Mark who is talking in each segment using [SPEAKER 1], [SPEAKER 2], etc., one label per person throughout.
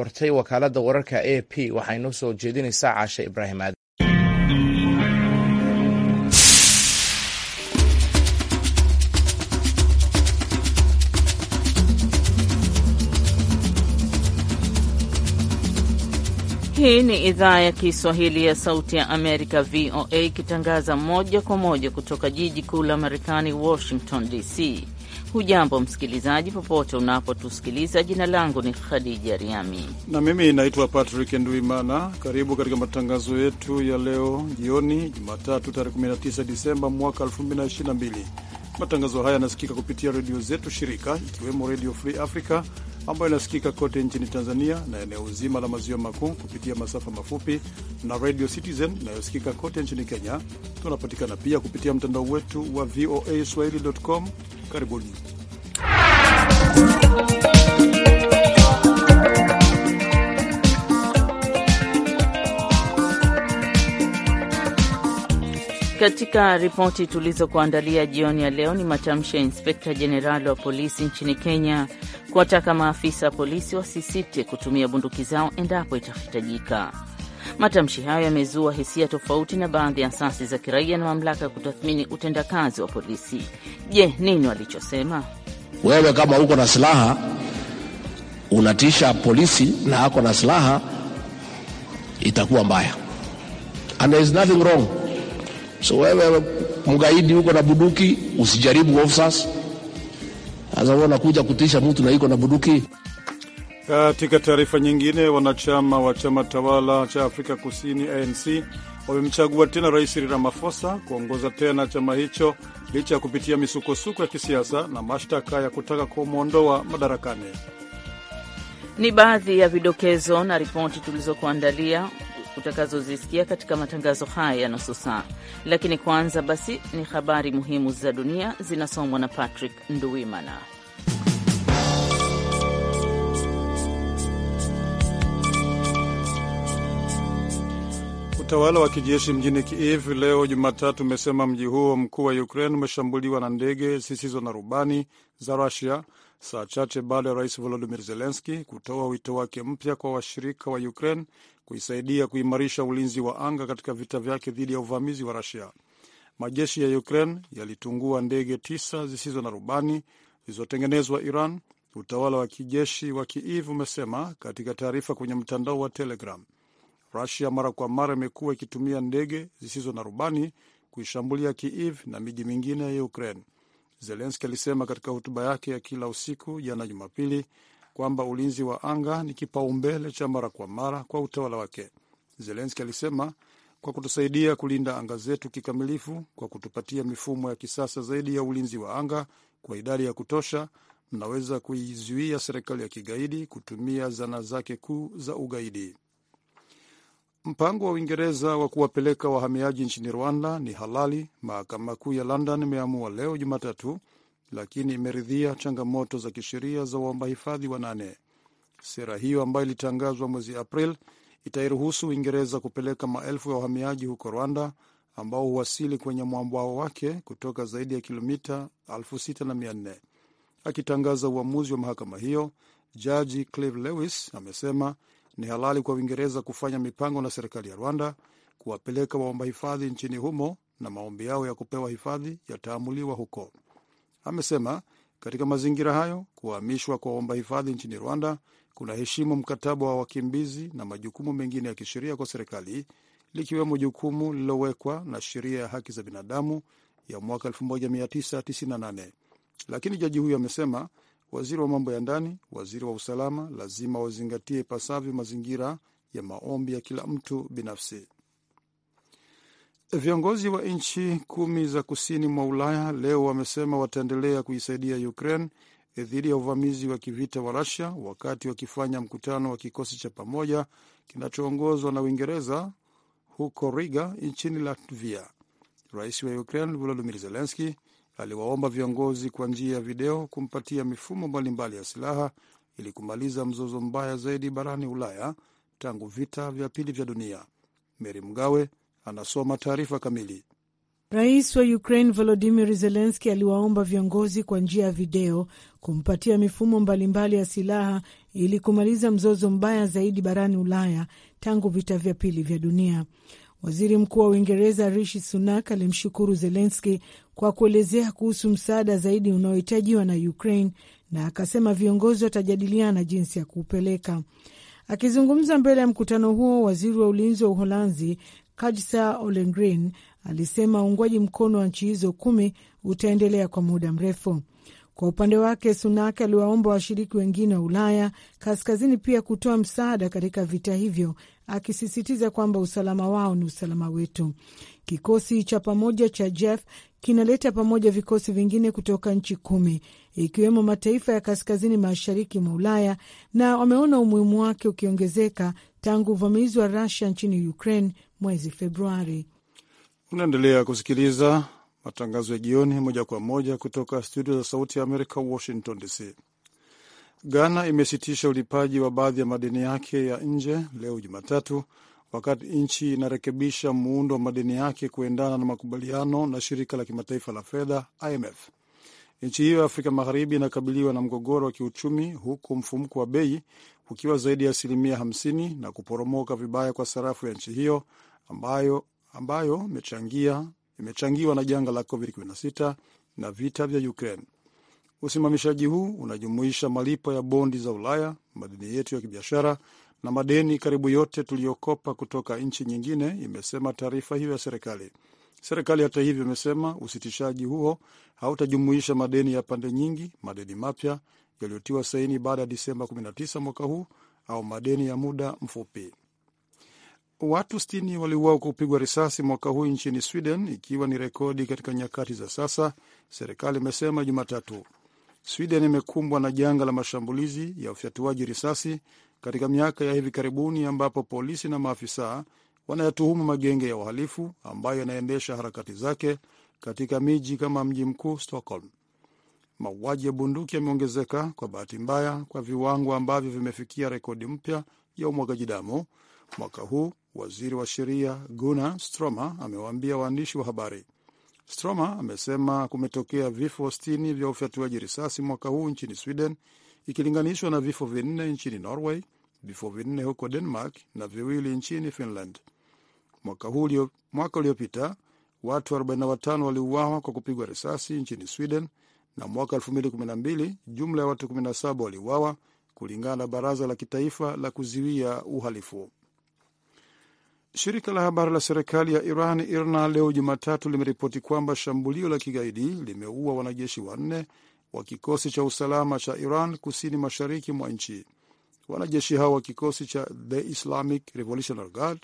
[SPEAKER 1] qortay wakaaladda wararka a p waxaynu soo jeedinaysaa caasha ibraahim aadan
[SPEAKER 2] Hii ni idhaa ya Kiswahili ya Sauti ya Amerika, VOA, ikitangaza moja kwa moja kutoka jiji kuu la Marekani, Washington DC. Hujambo msikilizaji, popote unapotusikiliza. Jina langu ni Khadija Riami
[SPEAKER 3] na mimi naitwa Patrick Nduimana. Karibu katika matangazo yetu ya leo jioni, Jumatatu tarehe 19 Disemba mwaka 2022. Matangazo haya yanasikika kupitia redio zetu shirika, ikiwemo Redio Free Africa ambayo inasikika kote nchini Tanzania na eneo zima la maziwa makuu kupitia masafa mafupi na Radio Citizen inayosikika kote nchini Kenya. Tunapatikana pia kupitia mtandao wetu wa VOA swahili.com. Karibuni.
[SPEAKER 2] Katika ripoti tulizokuandalia jioni ya leo ni matamshi ya inspekta jenerali wa polisi nchini Kenya kuwataka maafisa wa polisi wasisite kutumia bunduki zao endapo itahitajika. Matamshi hayo yamezua hisia tofauti na baadhi ya asasi za kiraia na mamlaka ya kutathmini utendakazi wa polisi. Je, nini walichosema?
[SPEAKER 4] Wewe kama uko na silaha unatisha polisi na ako na silaha, itakuwa mbaya. And there is nothing wrong So wewe mgaidi huko na buduki usijaribu hofu sasa. Sasa wewe unakuja kutisha mtu na iko na buduki.
[SPEAKER 3] Katika taarifa nyingine, wanachama wa chama tawala cha Afrika Kusini ANC wamemchagua tena Rais Ramaphosa kuongoza tena chama hicho licha ya kupitia misukosuko ya kisiasa na
[SPEAKER 2] mashtaka ya kutaka kumwondoa madarakani. Ni baadhi ya vidokezo na ripoti tulizokuandalia utakazozisikia katika matangazo haya ya nusu saa, lakini kwanza basi ni habari muhimu za dunia zinasomwa na Patrick Nduwimana.
[SPEAKER 3] Utawala wa kijeshi mjini Kiev leo Jumatatu umesema mji huo mkuu wa Ukraine umeshambuliwa na ndege zisizo na rubani za Rusia, saa chache baada ya rais Volodimir Zelenski kutoa wito wake mpya kwa washirika wa Ukraine kuisaidia kuimarisha ulinzi wa anga katika vita vyake dhidi ya uvamizi wa Rusia. Majeshi ya Ukraine yalitungua ndege tisa zisizo na rubani zilizotengenezwa Iran, utawala wa kijeshi wa Kiev umesema katika taarifa kwenye mtandao wa Telegram. Rusia mara kwa mara imekuwa ikitumia ndege zisizo na rubani kuishambulia Kiev na miji mingine ya Ukraine. Zelenski alisema katika hotuba yake ya kila usiku jana Jumapili kwamba ulinzi wa anga ni kipaumbele cha mara kwa mara kwa utawala wake. Zelenski alisema, kwa kutusaidia kulinda anga zetu kikamilifu, kwa kutupatia mifumo ya kisasa zaidi ya ulinzi wa anga kwa idadi ya kutosha, mnaweza kuizuia serikali ya kigaidi kutumia zana zake kuu za ugaidi. Mpango wa Uingereza wa kuwapeleka wahamiaji nchini Rwanda ni halali, mahakama kuu ya London imeamua leo Jumatatu lakini imeridhia changamoto za kisheria za waomba hifadhi wanane. Sera hiyo ambayo ilitangazwa mwezi April itairuhusu Uingereza kupeleka maelfu ya wahamiaji huko Rwanda ambao huwasili kwenye mwambao wake kutoka zaidi ya kilomita 6400. Akitangaza uamuzi wa mahakama hiyo, jaji Clive Lewis amesema ni halali kwa Uingereza kufanya mipango na serikali ya Rwanda kuwapeleka waomba hifadhi nchini humo na maombi yao ya kupewa hifadhi yataamuliwa huko. Amesema katika mazingira hayo kuhamishwa kwa omba hifadhi nchini Rwanda kunaheshimu mkataba wa wakimbizi na majukumu mengine ya kisheria kwa serikali likiwemo jukumu lililowekwa na sheria ya haki za binadamu ya mwaka 1998. Lakini jaji huyo amesema waziri wa mambo ya ndani, waziri wa usalama lazima wazingatie ipasavyo mazingira ya maombi ya kila mtu binafsi. Viongozi wa nchi kumi za kusini mwa Ulaya leo wamesema wataendelea kuisaidia Ukraine eh, dhidi ya uvamizi wa kivita wa Rusia wakati wakifanya mkutano wa kikosi cha pamoja kinachoongozwa na Uingereza huko Riga nchini Latvia. Rais wa Ukraine Volodymyr Zelenski aliwaomba viongozi kwa njia ya video kumpatia mifumo mbalimbali ya silaha ili kumaliza mzozo mbaya zaidi barani Ulaya tangu vita vya pili vya dunia. mary Mgawe anasoma taarifa
[SPEAKER 5] kamili. Rais wa Ukraine Volodimir Zelenski aliwaomba viongozi kwa njia ya video kumpatia mifumo mbalimbali ya silaha ili kumaliza mzozo mbaya zaidi barani Ulaya tangu vita vya pili vya dunia. Waziri Mkuu wa Uingereza Rishi Sunak alimshukuru Zelenski kwa kuelezea kuhusu msaada zaidi unaohitajiwa na Ukraine na akasema viongozi watajadiliana jinsi ya kuupeleka. Akizungumza mbele ya mkutano huo, waziri wa ulinzi wa Uholanzi Kajsa Olengreen alisema uungwaji mkono wa nchi hizo kumi utaendelea kwa muda mrefu. Kwa upande wake, Sunak aliwaomba washiriki wengine wa Ulaya kaskazini pia kutoa msaada katika vita hivyo, akisisitiza kwamba usalama wao ni usalama wetu. Kikosi cha pamoja cha Jeff kinaleta pamoja vikosi vingine kutoka nchi kumi ikiwemo mataifa ya kaskazini mashariki mwa Ulaya, na wameona umuhimu wake ukiongezeka tangu uvamizi wa Rusia nchini Ukraine mwezi Februari.
[SPEAKER 3] Unaendelea kusikiliza matangazo ya jioni moja kwa moja kutoka studio za Sauti ya Amerika, Washington DC. Ghana imesitisha ulipaji wa baadhi ya madeni yake ya nje leo Jumatatu, wakati nchi inarekebisha muundo wa madeni yake kuendana na makubaliano na shirika la kimataifa la fedha IMF. Nchi hiyo ya Afrika Magharibi inakabiliwa na mgogoro wa kiuchumi, huku mfumko wa bei ukiwa zaidi ya asilimia 50 na kuporomoka vibaya kwa sarafu ya nchi hiyo ambayo, ambayo imechangiwa na janga la COVID-19 na vita vya Ukraine. Usimamishaji huu unajumuisha malipo ya bondi za Ulaya, madeni yetu ya kibiashara na madeni karibu yote tuliyokopa kutoka nchi nyingine, imesema taarifa hiyo ya serikali. Serikali hata hivyo imesema usitishaji huo hautajumuisha madeni ya pande nyingi, madeni mapya yaliyotiwa saini baada ya Disemba 19 mwaka huu au madeni ya muda mfupi. Watu 60 waliuawa kwa kupigwa risasi mwaka huu nchini Sweden, ikiwa ni rekodi katika nyakati za sasa, serikali imesema Jumatatu. Sweden imekumbwa na janga la mashambulizi ya ufyatuaji risasi katika miaka ya hivi karibuni, ambapo polisi na maafisa wanayatuhumu magenge ya uhalifu ambayo yanaendesha harakati zake katika miji kama mji mkuu Stockholm. Mauaji ya bunduki yameongezeka kwa bahati mbaya, kwa viwango ambavyo vimefikia rekodi mpya ya umwagaji damu mwaka huu Waziri wa sheria Gunnar Stroma amewaambia waandishi wa habari. Stroma amesema kumetokea vifo 60 vya ufyatuaji risasi mwaka huu nchini Sweden ikilinganishwa na vifo vinne nchini Norway, vifo vinne huko Denmark na viwili nchini Finland. Mwaka huu mwaka uliopita watu 45 waliuawa kwa kupigwa risasi nchini Sweden na mwaka 2012 jumla ya watu 17 waliuawa kulingana na Baraza la Kitaifa la Kuzuia Uhalifu. Shirika la habari la serikali ya Iran, IRNA, leo Jumatatu limeripoti kwamba shambulio la kigaidi limeua wanajeshi wanne wa kikosi cha usalama cha Iran kusini mashariki mwa nchi. Wanajeshi hao wa kikosi cha The Islamic Revolutionary Guard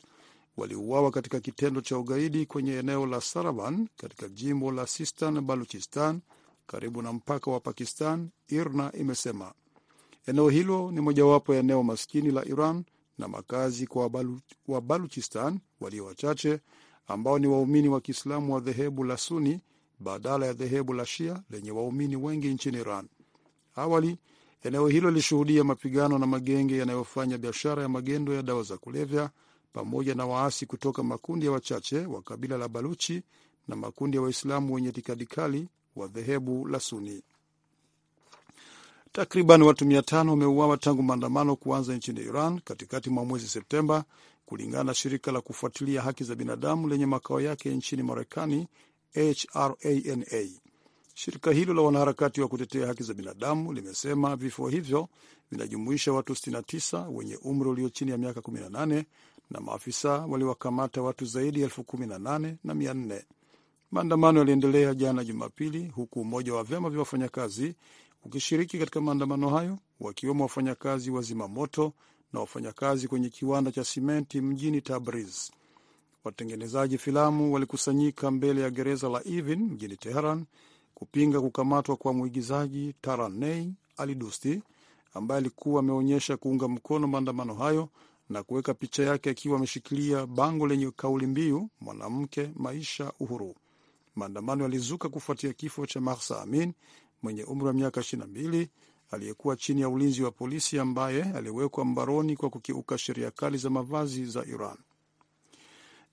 [SPEAKER 3] waliuawa katika kitendo cha ugaidi kwenye eneo la Saravan katika jimbo la Sistan Baluchistan, karibu na mpaka wa Pakistan, IRNA imesema. Eneo hilo ni mojawapo ya eneo maskini la Iran na makazi kwa Wabalu, Wabaluchistan walio wachache ambao ni waumini wa Kiislamu wa dhehebu la Suni badala ya dhehebu la Shia lenye waumini wengi nchini Iran. Awali eneo hilo lilishuhudia mapigano na magenge yanayofanya biashara ya magendo ya dawa za kulevya pamoja na waasi kutoka makundi ya wachache wa kabila la Baluchi na makundi ya Waislamu wenye itikadi kali wa dhehebu la Suni. Takriban watu 5 wameuawa tangu maandamano kuanza nchini Iran katikati mwa mwezi Septemba, kulingana na shirika la kufuatilia haki za binadamu lenye makao yake nchini Marekani, HRANA. Shirika hilo la wanaharakati wa kutetea haki za binadamu limesema vifo hivyo vinajumuisha watu 69 wenye umri ulio chini ya miaka 18 na maafisa waliwakamata watu zaidi ya elfu na Maandamano yaliendelea jana Jumapili, huku umoja wa vyama vya wafanyakazi ukishiriki katika maandamano hayo, wakiwemo wafanyakazi wa zimamoto na wafanyakazi kwenye kiwanda cha simenti mjini Tabriz. Watengenezaji filamu walikusanyika mbele ya gereza la Evin mjini Teheran kupinga kukamatwa kwa mwigizaji Taranei Alidusti ambaye alikuwa ameonyesha kuunga mkono maandamano hayo na kuweka picha yake akiwa ameshikilia bango lenye kauli mbiu mwanamke, maisha, uhuru. Maandamano yalizuka kufuatia kifo cha Mahsa Amin mwenye umri wa miaka 22 aliyekuwa chini ya ulinzi wa polisi ambaye aliwekwa mbaroni kwa kukiuka sheria kali za mavazi za Iran.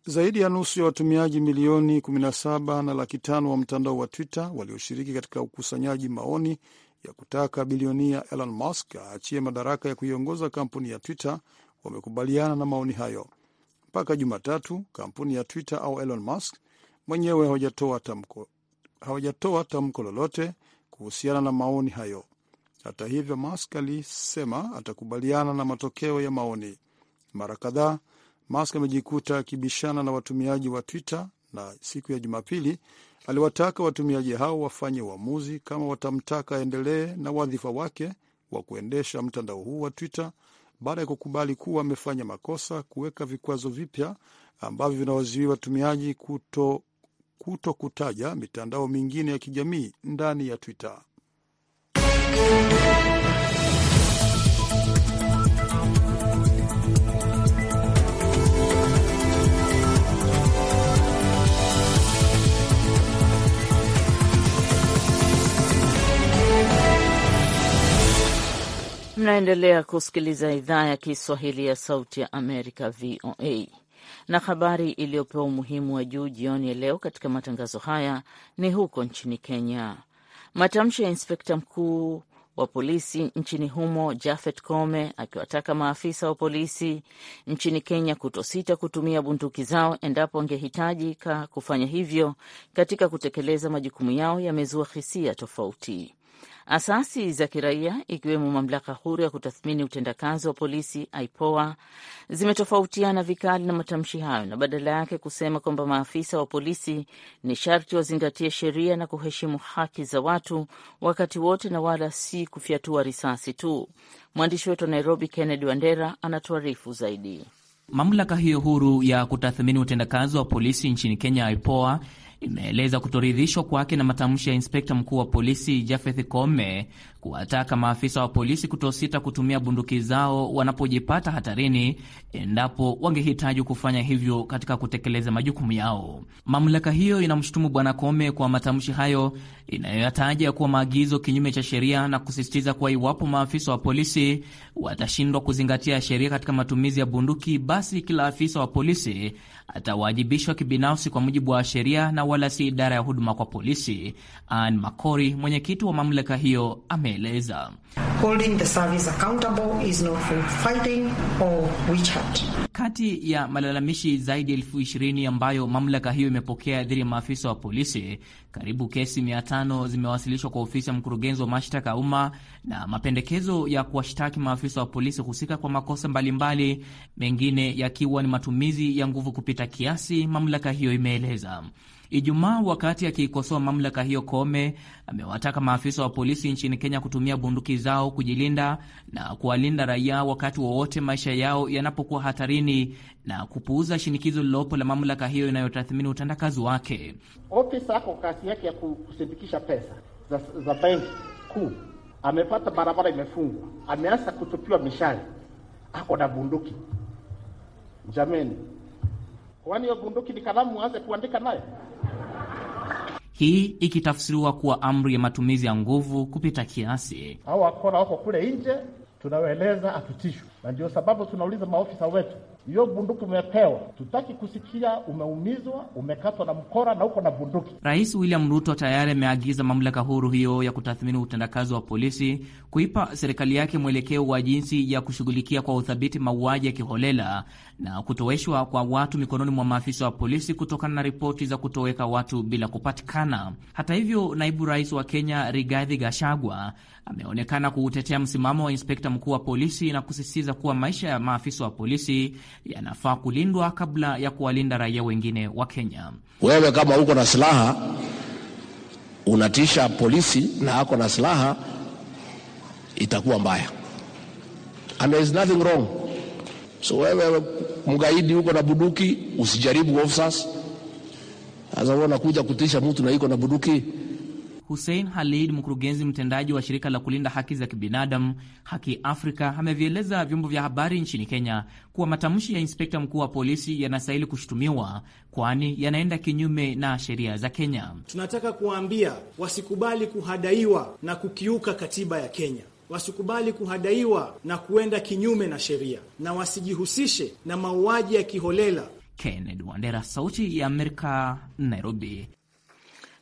[SPEAKER 3] Zaidi ya nusu ya watumiaji milioni 17 na laki tano wa mtandao wa Twitter walioshiriki katika ukusanyaji maoni ya kutaka bilionia Elon Musk aachie madaraka ya kuiongoza kampuni ya Twitter wamekubaliana na maoni hayo. Mpaka Jumatatu, kampuni ya Twitter au Elon Musk mwenyewe hawajatoa tamko, hawajatoa tamko lolote kuhusiana na maoni hayo. Hata hivyo, Musk alisema atakubaliana na matokeo ya maoni. Mara kadhaa Musk amejikuta akibishana na watumiaji wa Twitter na siku ya Jumapili aliwataka watumiaji hao wafanye uamuzi kama watamtaka aendelee na wadhifa wake wa kuendesha mtandao huu wa Twitter baada ya kukubali kuwa amefanya makosa kuweka vikwazo vipya ambavyo vinawazuia watumiaji kuto kuto kutaja mitandao mingine ya kijamii ndani ya Twitter.
[SPEAKER 2] Mnaendelea kusikiliza idhaa ya Kiswahili ya Sauti ya Amerika, VOA. Na habari iliyopewa umuhimu wa juu jioni ya leo katika matangazo haya ni huko nchini Kenya. Matamshi ya inspekta mkuu wa polisi nchini humo Jafet Kome akiwataka maafisa wa polisi nchini Kenya kutosita kutumia bunduki zao endapo wangehitajika kufanya hivyo katika kutekeleza majukumu yao yamezua hisia tofauti. Asasi za kiraia ikiwemo mamlaka huru ya kutathmini utendakazi wa polisi IPOA zimetofautiana vikali na matamshi hayo na badala yake kusema kwamba maafisa wa polisi ni sharti wazingatie sheria na kuheshimu haki za watu wakati wote na wala si kufyatua risasi tu. Mwandishi wetu wa Nairobi, Kennedy Wandera, anatuarifu zaidi.
[SPEAKER 6] Mamlaka hiyo huru ya kutathmini utendakazi wa polisi nchini Kenya, IPOA, imeeleza kutoridhishwa kwake na matamshi ya inspekta mkuu wa polisi Jafeth come kuwataka maafisa wa polisi kutosita kutumia bunduki zao wanapojipata hatarini endapo wangehitaji kufanya hivyo katika kutekeleza majukumu yao. Mamlaka hiyo inamshutumu Bwana Kome kwa matamshi hayo inayoyataja kuwa maagizo kinyume cha sheria na kusisitiza kuwa iwapo maafisa wa polisi watashindwa kuzingatia sheria katika matumizi ya bunduki, basi kila afisa wa polisi atawajibishwa kibinafsi kwa mujibu wa sheria na wala si idara ya huduma kwa polisi. Ann Makori, mwenyekiti wa mamlaka hiyo, ame anaeleza.
[SPEAKER 5] Kati
[SPEAKER 6] ya malalamishi zaidi ya elfu ishirini ambayo mamlaka hiyo imepokea dhidi ya maafisa wa polisi, karibu kesi mia tano zimewasilishwa kwa ofisi ya mkurugenzi wa mashtaka ya umma na mapendekezo ya kuwashtaki maafisa wa polisi husika kwa makosa mbalimbali mbali, mengine yakiwa ni matumizi ya nguvu kupita kiasi, mamlaka hiyo imeeleza. Ijumaa wakati akiikosoa mamlaka hiyo kome, amewataka maafisa wa polisi nchini Kenya kutumia bunduki zao kujilinda na kuwalinda raia wakati wowote maisha yao yanapokuwa hatarini na kupuuza shinikizo lililopo la mamlaka hiyo inayotathmini utendakazi
[SPEAKER 1] wake.
[SPEAKER 7] Ofisa ako kazi yake ya kusindikisha pesa za, za benki kuu, amepata barabara imefungwa, ameanza kutupiwa mishale, ako na bunduki. Jameni, Kwani hiyo bunduki ni kalamu mwanze kuandika nayo?
[SPEAKER 6] Hii ikitafsiriwa kuwa amri ya matumizi ya nguvu kupita
[SPEAKER 1] kiasi.
[SPEAKER 7] Hao wakora wako kule nje, tunawaeleza atutishwe, na ndio sababu tunauliza maofisa wetu, hiyo bunduki umepewa, tutaki kusikia umeumizwa, umekatwa na mkora
[SPEAKER 8] na uko na bunduki.
[SPEAKER 6] Rais William Ruto tayari ameagiza mamlaka huru hiyo ya kutathmini utendakazi wa polisi kuipa serikali yake mwelekeo wa jinsi ya kushughulikia kwa uthabiti mauaji ya kiholela na kutoweshwa kwa watu mikononi mwa maafisa wa polisi kutokana na ripoti za kutoweka watu bila kupatikana. Hata hivyo, naibu rais wa Kenya Rigathi Gachagua ameonekana kuutetea msimamo wa inspekta mkuu wa polisi na kusisitiza kuwa maisha ya maafisa wa polisi yanafaa kulindwa kabla ya kuwalinda raia wengine wa Kenya.
[SPEAKER 4] Wewe kama uko na silaha unatisha polisi na ako na silaha, itakuwa mbaya. And there is nothing wrong So wewe mgaidi huko na buduki usijaribu officers. Sasa wewe unakuja kutisha mtu na iko na buduki.
[SPEAKER 6] Hussein Khalid, mkurugenzi mtendaji wa shirika la kulinda haki za kibinadamu Haki Afrika, amevieleza vyombo vya habari nchini Kenya kuwa matamshi ya inspekta mkuu wa polisi yanastahili kushutumiwa, kwani yanaenda kinyume na sheria za Kenya.
[SPEAKER 9] Tunataka kuwaambia wasikubali kuhadaiwa na kukiuka katiba ya Kenya wasikubali kuhadaiwa na kuenda kinyume na sheria na wasijihusishe
[SPEAKER 2] na mauaji ya kiholela.
[SPEAKER 6] Kennedy Wandera, Sauti ya Amerika, Nairobi.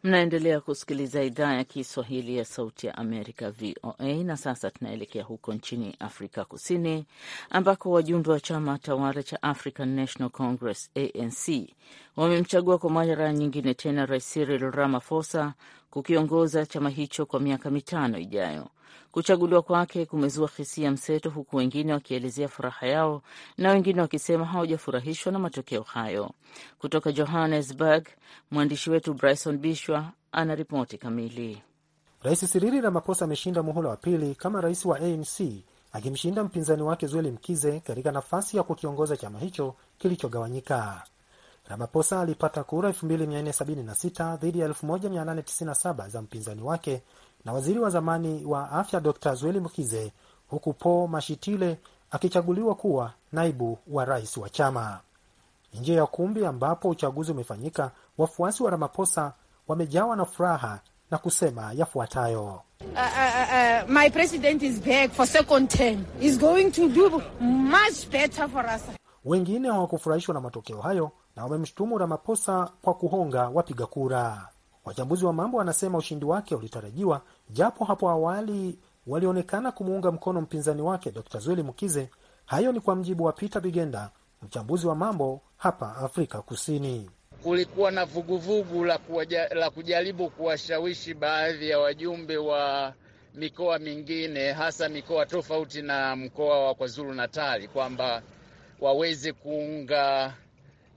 [SPEAKER 2] Mnaendelea kusikiliza idhaa ya Kiswahili ya Sauti ya Amerika, VOA. Na sasa tunaelekea huko nchini Afrika Kusini, ambako wajumbe wa chama tawala cha African National Congress, ANC, wamemchagua kwa mara nyingine tena Rais Cyril Ramaphosa kukiongoza chama hicho kwa miaka mitano ijayo. Kuchaguliwa kwake kumezua hisia mseto, huku wengine wakielezea furaha yao na wengine wakisema hawajafurahishwa na matokeo hayo. Kutoka Johannesburg, mwandishi wetu Bryson Bishwa ana ripoti kamili. Rais siriri Ramaposa ameshinda
[SPEAKER 8] muhula wa pili kama rais wa ANC akimshinda mpinzani wake Zweli Mkize katika nafasi ya kukiongoza chama hicho kilichogawanyika. Ramaposa alipata kura 2476 dhidi ya 1897 za mpinzani wake na waziri wa zamani wa afya Dr Zweli Mkize, huku po Mashitile akichaguliwa kuwa naibu wa rais wa chama. Nje ya ukumbi ambapo uchaguzi umefanyika, wafuasi wa Ramaphosa wamejawa na furaha na kusema yafuatayo:
[SPEAKER 5] uh,
[SPEAKER 2] uh, uh,
[SPEAKER 8] Wengine hawakufurahishwa na matokeo hayo na wamemshutumu Ramaphosa kwa kuhonga wapiga kura. Wachambuzi wa mambo wanasema ushindi wake ulitarajiwa, japo hapo awali walionekana kumuunga mkono mpinzani wake Dr. Zweli Mukize. Hayo ni kwa mjibu wa Peter Bigenda, mchambuzi wa mambo hapa Afrika Kusini.
[SPEAKER 7] Kulikuwa na vuguvugu la, la kujaribu kuwashawishi baadhi ya wajumbe wa mikoa
[SPEAKER 1] mingine hasa mikoa tofauti na mkoa wa KwaZulu Natali kwamba waweze kuunga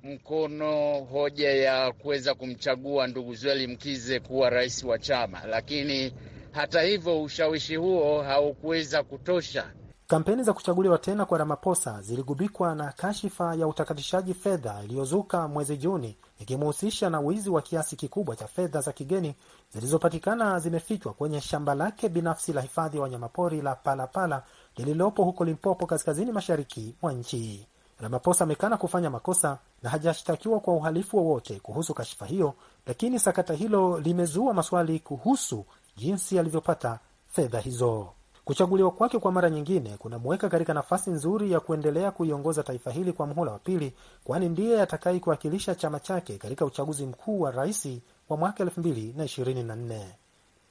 [SPEAKER 1] mkono hoja ya kuweza kumchagua ndugu Zweli Mkize kuwa rais wa chama, lakini hata hivyo ushawishi huo haukuweza kutosha.
[SPEAKER 8] Kampeni za kuchaguliwa tena kwa Ramaphosa ziligubikwa na kashifa ya utakatishaji fedha iliyozuka mwezi Juni, ikimhusisha na wizi wa kiasi kikubwa cha fedha za kigeni zilizopatikana zimefichwa kwenye shamba lake binafsi la hifadhi ya wanyamapori la Palapala lililopo huko Limpopo, kaskazini mashariki mwa nchi. Ramaphosa amekana kufanya makosa na hajashtakiwa kwa uhalifu wowote kuhusu kashifa hiyo, lakini sakata hilo limezua maswali kuhusu jinsi alivyopata fedha hizo. Kuchaguliwa kwake kwa mara nyingine kunamweka katika nafasi nzuri ya kuendelea kuiongoza taifa hili kwa muhula wa pili, kwani ndiye atakayekiwakilisha chama chake katika uchaguzi mkuu wa rais wa mwaka 2024.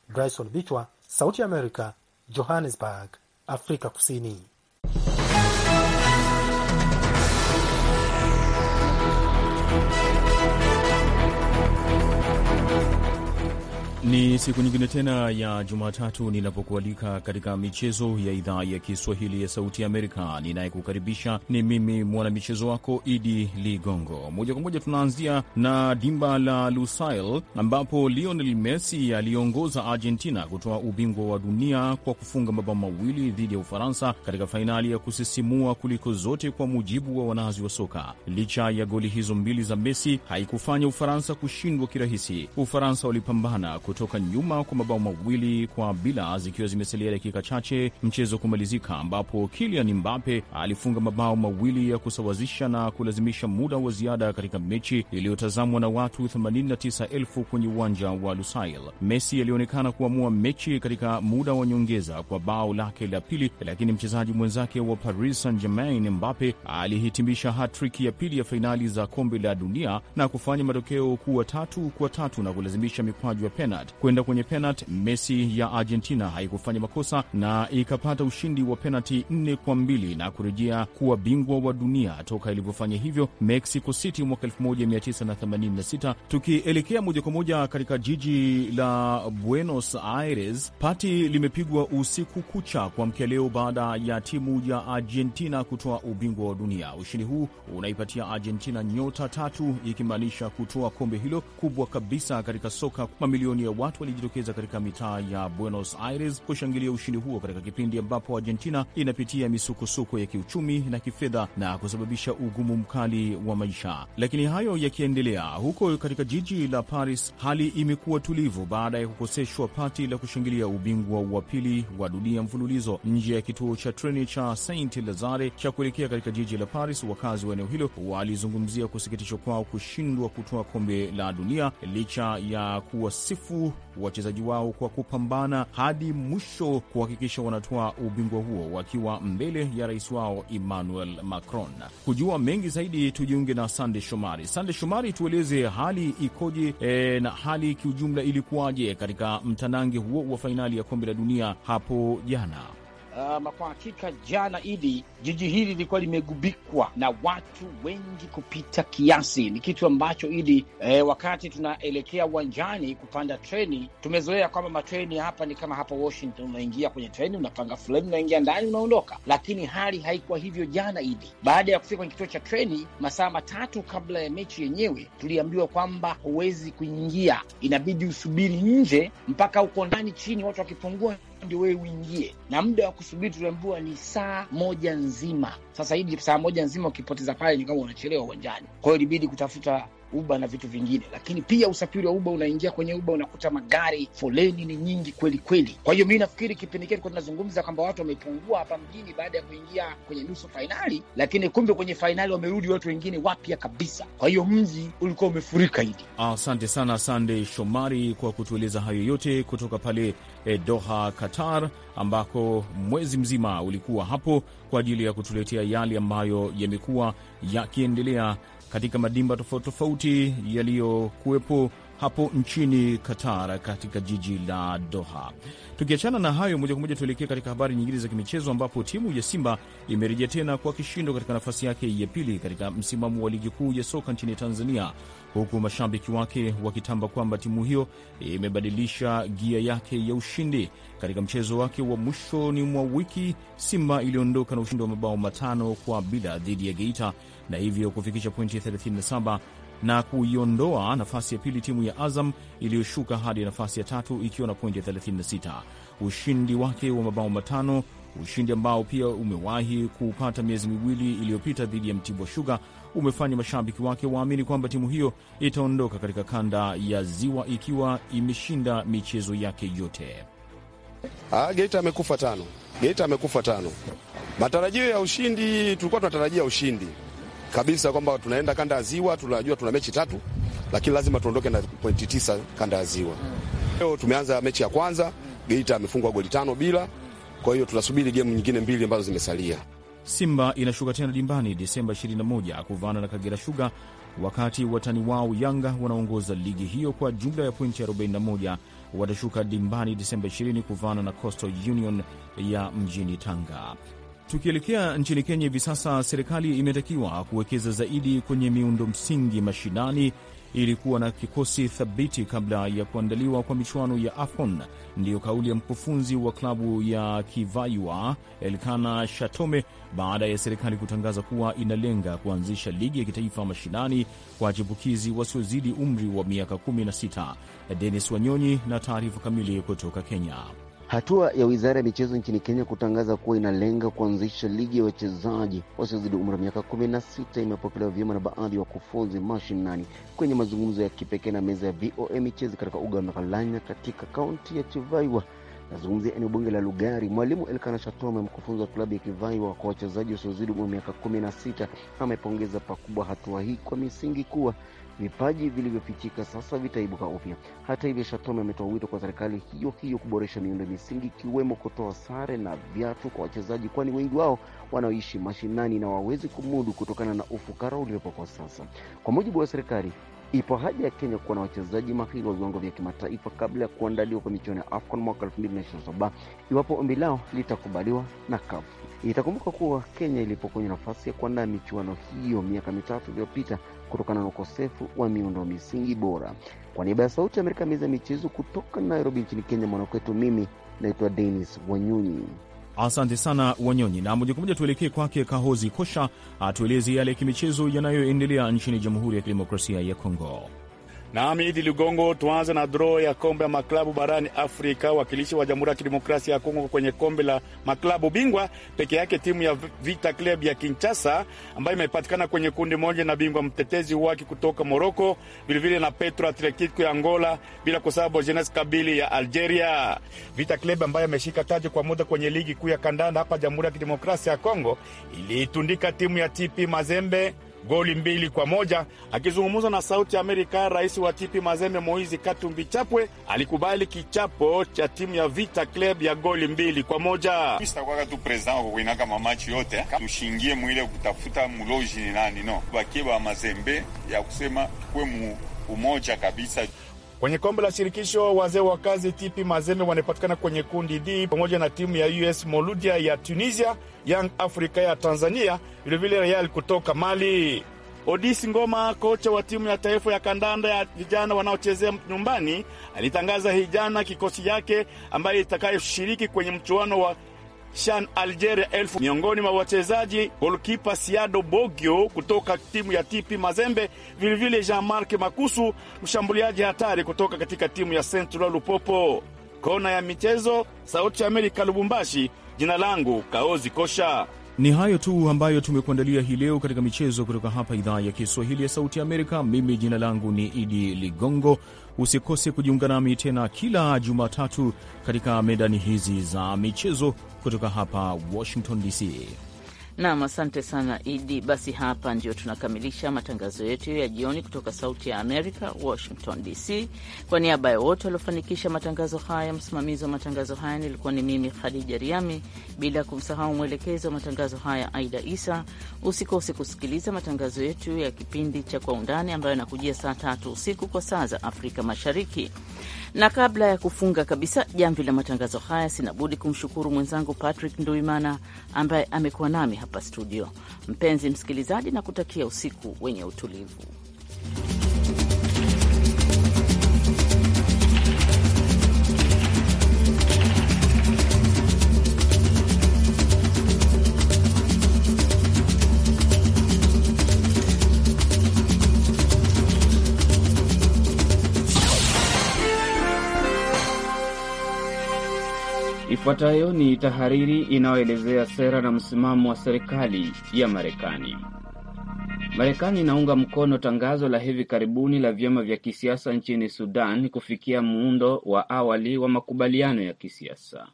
[SPEAKER 8] Bryson Bichwa, Sauti ya Amerika, Johannesburg, Afrika Kusini.
[SPEAKER 9] Ni siku nyingine tena ya Jumatatu ninapokualika katika michezo ya idhaa ya Kiswahili ya Sauti ya Amerika. Ninayekukaribisha ni mimi mwanamichezo wako Idi Ligongo. Moja kwa moja tunaanzia na dimba la Lusail ambapo Lionel Messi aliongoza Argentina kutoa ubingwa wa dunia kwa kufunga mabao mawili dhidi ya Ufaransa katika fainali ya kusisimua kuliko zote, kwa mujibu wa wanazi wa soka. Licha ya goli hizo mbili za Messi, haikufanya Ufaransa kushindwa kirahisi. Ufaransa walipambana kutoka nyuma kwa mabao mawili kwa bila zikiwa zimesalia dakika chache mchezo kumalizika, ambapo Kylian Mbappe alifunga mabao mawili ya kusawazisha na kulazimisha muda wa ziada katika mechi iliyotazamwa na watu 89,000 kwenye uwanja wa Lusail. Messi alionekana kuamua mechi katika muda wa nyongeza kwa bao lake la pili, lakini mchezaji mwenzake wa Paris Saint-Germain Mbappe alihitimisha hatrik ya pili ya fainali za kombe la dunia na kufanya matokeo kuwa tatu kwa tatu na kulazimisha mikwaju ya penalti penalti kwenda kwenye penalti. Messi ya Argentina haikufanya makosa na ikapata ushindi wa penalti 4 kwa mbili na kurejea kuwa bingwa wa dunia toka ilivyofanya hivyo Mexico City mwaka 1986. Tukielekea moja kwa moja katika jiji la Buenos Aires, pati limepigwa usiku kucha kuamkia leo baada ya timu ya Argentina kutoa ubingwa wa dunia. Ushindi huu unaipatia Argentina nyota tatu, ikimaanisha kutoa kombe hilo kubwa kabisa katika soka mamilioni ya watu walijitokeza katika mitaa ya Buenos Aires kushangilia ushindi huo katika kipindi ambapo Argentina inapitia misukosuko ya kiuchumi na kifedha na kusababisha ugumu mkali wa maisha. Lakini hayo yakiendelea, huko katika jiji la Paris hali imekuwa tulivu baada ya kukoseshwa pati la kushangilia ubingwa wa pili wa dunia mfululizo nje ya kituo cha treni cha Saint Lazare cha kuelekea katika jiji la Paris. Wakazi wa eneo hilo walizungumzia kusikitishwa kwao kushindwa kutoa kombe la dunia licha ya kuwasifu wachezaji wao kwa kupambana hadi mwisho kuhakikisha wanatoa ubingwa huo wakiwa mbele ya rais wao Emmanuel Macron. Kujua mengi zaidi, tujiunge na Sande Shomari. Sande Shomari, tueleze hali ikoje, e, na hali kiujumla ilikuwaje katika mtanange huo wa fainali ya kombe la dunia hapo jana?
[SPEAKER 1] Um, kwa hakika jana idi jiji hili lilikuwa limegubikwa na watu wengi kupita kiasi. Ni kitu ambacho idi eh, wakati tunaelekea uwanjani kupanda treni, tumezoea kwamba matreni hapa ni kama hapa Washington, unaingia kwenye treni, unapanga fulani unaingia ndani, unaondoka. Lakini hali haikuwa hivyo jana idi. Baada ya kufika kwenye kituo cha treni masaa matatu kabla ya mechi yenyewe, tuliambiwa kwamba huwezi kuingia, inabidi usubiri nje mpaka uko ndani chini, watu wakipungua ndio wewe uingie, na muda wa kusubiri tuliambiwa ni saa moja nzima. Sasa hivi saa moja nzima ukipoteza pale, ni kama unachelewa uwanjani. Kwa hiyo ilibidi kutafuta Uber na vitu vingine, lakini pia usafiri wa Uber, unaingia kwenye Uber unakuta magari foleni ni nyingi kweli kweli. Kwa hiyo mi nafikiri kipindi kile tunazungumza kwamba watu wamepungua hapa mjini baada ya kuingia kwenye nusu fainali, lakini kumbe kwenye
[SPEAKER 8] fainali wamerudi watu wengine wapya kabisa.
[SPEAKER 9] Kwa hiyo mji ulikuwa umefurika hivi. Asante sana Sande Shomari kwa kutueleza hayo yote kutoka pale eh, Doha, Qatar, ambako mwezi mzima ulikuwa hapo kwa ajili ya kutuletea yale ambayo yamekuwa yakiendelea katika madimba tofauti tofauti yaliyokuwepo hapo nchini Qatar katika jiji la Doha. Tukiachana na hayo, moja kwa moja tuelekee katika habari nyingine za kimichezo, ambapo timu ya Simba imerejea tena kwa kishindo katika nafasi yake ya pili katika msimamo wa ligi kuu ya soka nchini Tanzania, huku mashabiki wake wakitamba kwamba timu hiyo imebadilisha gia yake ya ushindi. Katika mchezo wake wa mwishoni mwa wiki, Simba iliondoka na ushindi wa mabao matano kwa bila dhidi ya Geita na hivyo kufikisha pointi 37 na kuiondoa nafasi ya pili timu ya Azam iliyoshuka hadi nafasi ya tatu ikiwa na pointi 36. Ushindi wake wa mabao matano, ushindi ambao pia umewahi kupata miezi miwili iliyopita dhidi ya Mtibwa Shuga, umefanya mashabiki wake waamini kwamba timu hiyo itaondoka katika kanda ya Ziwa ikiwa imeshinda michezo yake yote.
[SPEAKER 7] Ah, Geita amekufa tano, Geita amekufa tano. Matarajio ya ushindi, tulikuwa tunatarajia ushindi kabisa kwamba tunaenda kanda ya Ziwa, tunajua tuna mechi tatu, lakini lazima tuondoke na pointi tisa kanda ya Ziwa. Mm. Leo tumeanza mechi ya kwanza, Geita amefungwa goli tano bila, kwa hiyo tunasubiri gemu nyingine mbili ambazo zimesalia.
[SPEAKER 9] Simba inashuka tena dimbani Disemba 21 kuvaana na Kagera Sugar, wakati watani wao Yanga wanaongoza ligi hiyo kwa jumla ya pointi 41 watashuka dimbani Disemba 20 kuvaana na Coastal Union ya mjini Tanga. Tukielekea nchini Kenya hivi sasa, serikali imetakiwa kuwekeza zaidi kwenye miundo msingi mashinani ili kuwa na kikosi thabiti kabla ya kuandaliwa kwa michuano ya AFCON. Ndiyo kauli ya mkufunzi wa klabu ya Kivaiwa Elkana Shatome baada ya serikali kutangaza kuwa inalenga kuanzisha ligi ya kitaifa mashinani kwa chipukizi wasiozidi umri wa miaka 16. Denis Wanyonyi na taarifa kamili kutoka Kenya.
[SPEAKER 4] Hatua ya wizara ya michezo nchini Kenya kutangaza kuwa inalenga kuanzisha ligi ya wachezaji wasiozidi umri wa miaka kumi na sita imepokelewa vyema na baadhi ya wakufunzi mashinani kwenye mazungumzo ya kipekee na meza ya VOA michezo katika uga wa Meghalanya katika kaunti ya Chivaiwa. Nazungumzia eneo bunge la Lugari. Mwalimu Elkana Shatome, mkufunzi wa klabu ya Kivaiwa kwa wachezaji wasiozidi umri wa miaka kumi na sita, amepongeza pakubwa hatua hii kwa misingi kuwa vipaji vilivyofichika sasa vitaibuka upya. Hata hivyo, Shatome ametoa wito kwa serikali hiyo hiyo kuboresha miundo misingi ikiwemo kutoa sare na viatu kwa wachezaji, kwani wengi wao wanaoishi mashinani na wawezi kumudu kutokana na ufukara uliopo kwa sasa. Kwa mujibu wa serikali, ipo haja ya Kenya kuwa na wachezaji mahiri wa viwango vya kimataifa kabla ya kuandaliwa kwa michuano ya AFCON mwaka 227 iwapo ombi lao litakubaliwa na kafu Itakumbuka kuwa Kenya ilipo kwenye nafasi ya kuandaa michuano hiyo miaka mitatu iliyopita kutokana na ukosefu wa miundo misingi bora. Kwa niaba ya Sauti ya Amerika, meza ya michezo kutoka Nairobi nchini Kenya, mwanakwetu, mimi naitwa Denis Wanyonyi.
[SPEAKER 9] Asante sana Wanyonyi, na moja kwa moja tuelekee kwake Kahozi Kosha atueleze yale kimichezo yanayoendelea nchini Jamhuri ya Kidemokrasia ya Kongo.
[SPEAKER 7] Nami Idi Ligongo. Tuanze na draw ya kombe ya maklabu barani Afrika. Wakilishi wa Jamhuri ya Kidemokrasia ya Kongo kwenye kombe la maklabu bingwa peke yake timu ya Vita Club ya Kinshasa ambayo imepatikana kwenye kundi moja na bingwa mtetezi wake kutoka Moroko, vilevile na Petro Atletico ya Angola, bila kusahau Jeunesse Kabili ya Algeria. Vita Club ambayo ameshika taji kwa muda kwenye ligi kuu ya kandanda hapa Jamhuri ya Kidemokrasia ya Kongo iliitundika timu ya TP Mazembe goli mbili kwa moja. Akizungumza na Sauti ya Amerika, rais wa Tipi Mazembe Moizi Katumbi Chapwe alikubali kichapo cha timu ya Vita Club ya goli mbili kwa moja. Sitakwaka tu president akuwinaka mamachi yote eh? tushingie mwile kutafuta muloji ni nani no bakie ba Mazembe ya kusema kwe mu umoja kabisa. Kwenye kombe la shirikisho, wazee wa kazi TP Mazembe wanapatikana kwenye kundi D pamoja na timu ya US Moludia ya Tunisia, Young Africa ya Tanzania, vilevile Real kutoka Mali. Odisi Ngoma, kocha wa timu ya taifa ya kandanda ya vijana wanaochezea nyumbani, alitangaza hijana kikosi yake ambaye itakayoshiriki kwenye mchuano wa Shan Algeria elfu. Miongoni mwa wachezaji golkipa Siado Bogio kutoka timu ya TP Mazembe, vilevile Jean-Marc Makusu mshambuliaji hatari kutoka katika timu ya Central Lupopo. Kona ya michezo, Sauti ya Amerika, Lubumbashi. Jina langu Kaozi Kosha.
[SPEAKER 9] Ni hayo tu ambayo tumekuandalia hii leo katika michezo kutoka hapa idhaa ya Kiswahili ya Sauti Amerika. Mimi jina langu ni Idi Ligongo. Usikose kujiunga nami tena kila Jumatatu katika medani hizi za michezo kutoka hapa Washington DC.
[SPEAKER 2] Nam, asante sana Idi. Basi hapa ndio tunakamilisha matangazo yetu ya jioni kutoka Sauti ya Amerika, Washington DC. Kwa niaba ya wote waliofanikisha matangazo haya, msimamizi wa matangazo haya nilikuwa ni mimi Khadija Riami, bila kumsahau mwelekezi wa matangazo haya Aida Isa. Usikose kusikiliza matangazo yetu ya kipindi cha Kwa Undani ambayo yanakujia saa tatu usiku kwa saa za Afrika Mashariki. Na kabla ya kufunga kabisa jamvi la matangazo haya, sinabudi kumshukuru mwenzangu Patrick Nduimana ambaye amekuwa nami hapa studio. Mpenzi msikilizaji, na kutakia usiku wenye utulivu.
[SPEAKER 1] Ifuatayo ni tahariri inayoelezea sera na msimamo wa serikali ya Marekani. Marekani inaunga mkono tangazo la hivi karibuni la vyama vya kisiasa nchini Sudan kufikia muundo wa awali wa makubaliano ya kisiasa.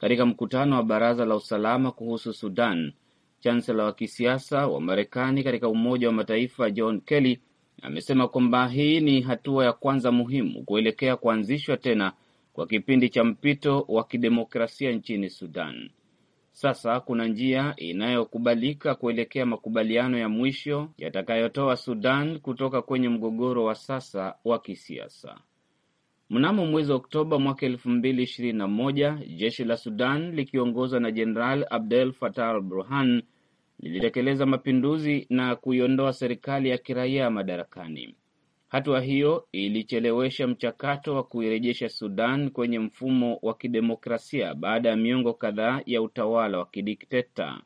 [SPEAKER 1] Katika mkutano wa Baraza la Usalama kuhusu Sudan, chansela wa kisiasa wa Marekani katika Umoja wa Mataifa John Kelly amesema kwamba hii ni hatua ya kwanza muhimu kuelekea kuanzishwa tena kwa kipindi cha mpito wa kidemokrasia nchini Sudan. Sasa kuna njia inayokubalika kuelekea makubaliano ya mwisho yatakayotoa Sudan kutoka kwenye mgogoro wa sasa wa kisiasa. Mnamo mwezi Oktoba mwaka elfu mbili ishirini na moja, jeshi la Sudan likiongozwa na Jeneral Abdel Fattah al-Burhan lilitekeleza mapinduzi na kuiondoa serikali ya kiraia madarakani. Hatua hiyo ilichelewesha mchakato wa kuirejesha Sudan kwenye mfumo wa kidemokrasia baada ya miongo kadhaa ya utawala wa kidikteta.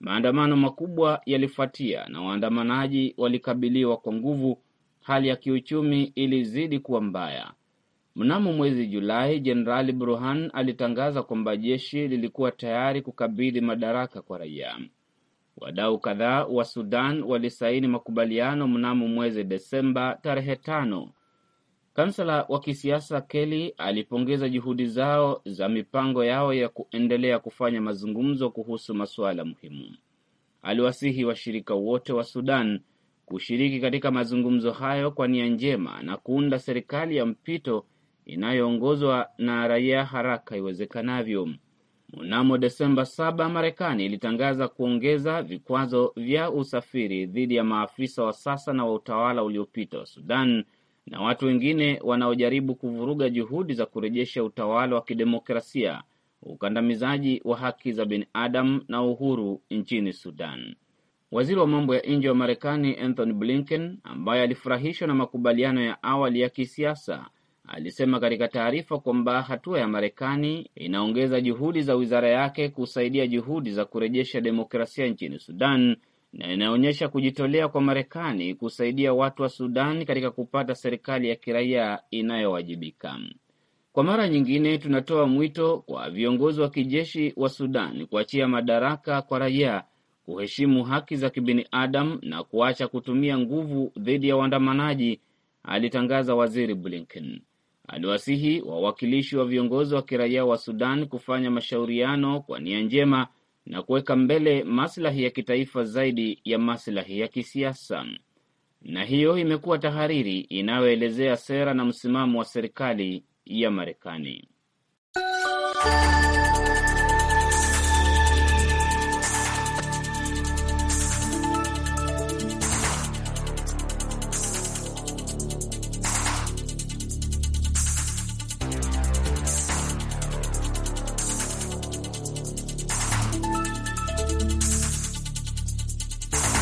[SPEAKER 1] Maandamano makubwa yalifuatia na waandamanaji walikabiliwa kwa nguvu. Hali ya kiuchumi ilizidi kuwa mbaya. Mnamo mwezi Julai, Jenerali Burhan alitangaza kwamba jeshi lilikuwa tayari kukabidhi madaraka kwa raia. Wadau kadhaa wa Sudan walisaini makubaliano mnamo mwezi Desemba tarehe tano. Kansela wa kisiasa Keli alipongeza juhudi zao za mipango yao ya kuendelea kufanya mazungumzo kuhusu masuala muhimu. Aliwasihi washirika wote wa Sudan kushiriki katika mazungumzo hayo kwa nia njema na kuunda serikali ya mpito inayoongozwa na raia haraka iwezekanavyo. Mnamo Desemba 7 Marekani ilitangaza kuongeza vikwazo vya usafiri dhidi ya maafisa wa sasa na wa utawala uliopita wa Sudan na watu wengine wanaojaribu kuvuruga juhudi za kurejesha utawala wa kidemokrasia, ukandamizaji wa haki za binadamu na uhuru nchini Sudan. Waziri wa mambo ya nje wa Marekani Anthony Blinken, ambaye alifurahishwa na makubaliano ya awali ya kisiasa alisema katika taarifa kwamba hatua ya Marekani inaongeza juhudi za wizara yake kusaidia juhudi za kurejesha demokrasia nchini Sudan na inaonyesha kujitolea kwa Marekani kusaidia watu wa Sudan katika kupata serikali ya kiraia inayowajibika. Kwa mara nyingine, tunatoa mwito kwa viongozi wa kijeshi wa Sudan kuachia madaraka kwa raia, kuheshimu haki za kibinadamu na kuacha kutumia nguvu dhidi ya waandamanaji, alitangaza Waziri Blinken aliwasihi wawakilishi wa viongozi wa kiraia wa Sudan kufanya mashauriano kwa nia njema na kuweka mbele maslahi ya kitaifa zaidi ya maslahi ya kisiasa. Na hiyo imekuwa tahariri inayoelezea sera na msimamo wa serikali ya Marekani.